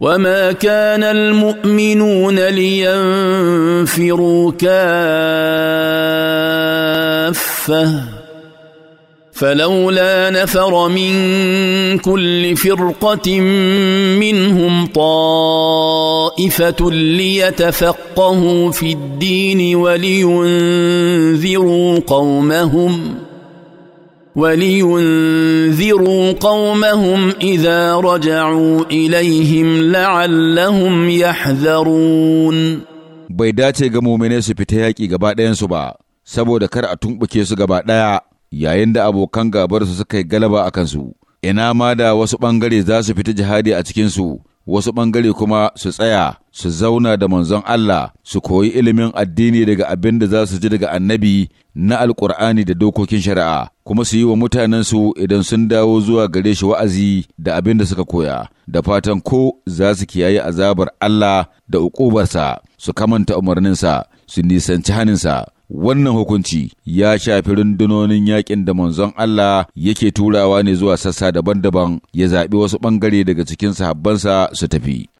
وما كان المؤمنون لينفروا كافه فلولا نفر من كل فرقه منهم طائفه ليتفقهوا في الدين ولينذروا قومهم ولينذروا قومهم اذا رجعوا اليهم لعلهم يحذرون bai dace ga muminai su fita yaƙi gaba ɗayansu ba saboda kar a tumɓuke su gaba ɗaya yayin da abokan gabar su suka yi galaba a kansu ina ma da wasu ɓangare za su fita jihadi a cikinsu wasu bangare kuma su tsaya su zauna da manzon Allah su koyi ilimin addini daga abin da za su ji daga annabi na alƙur'ani da dokokin shari'a kuma su yi wa mutanensu idan sun dawo zuwa gare shi wa'azi da abin da suka koya da fatan ko za su kiyaye azabar Allah da ukubarsa su kamanta umarninsa su nisanci haninsa wannan hukunci ya shafi rundunonin yakin da manzon Allah yake turawa ne zuwa sassa daban-daban ya zaɓi wasu ɓangare daga cikin sahabbansa su tafi.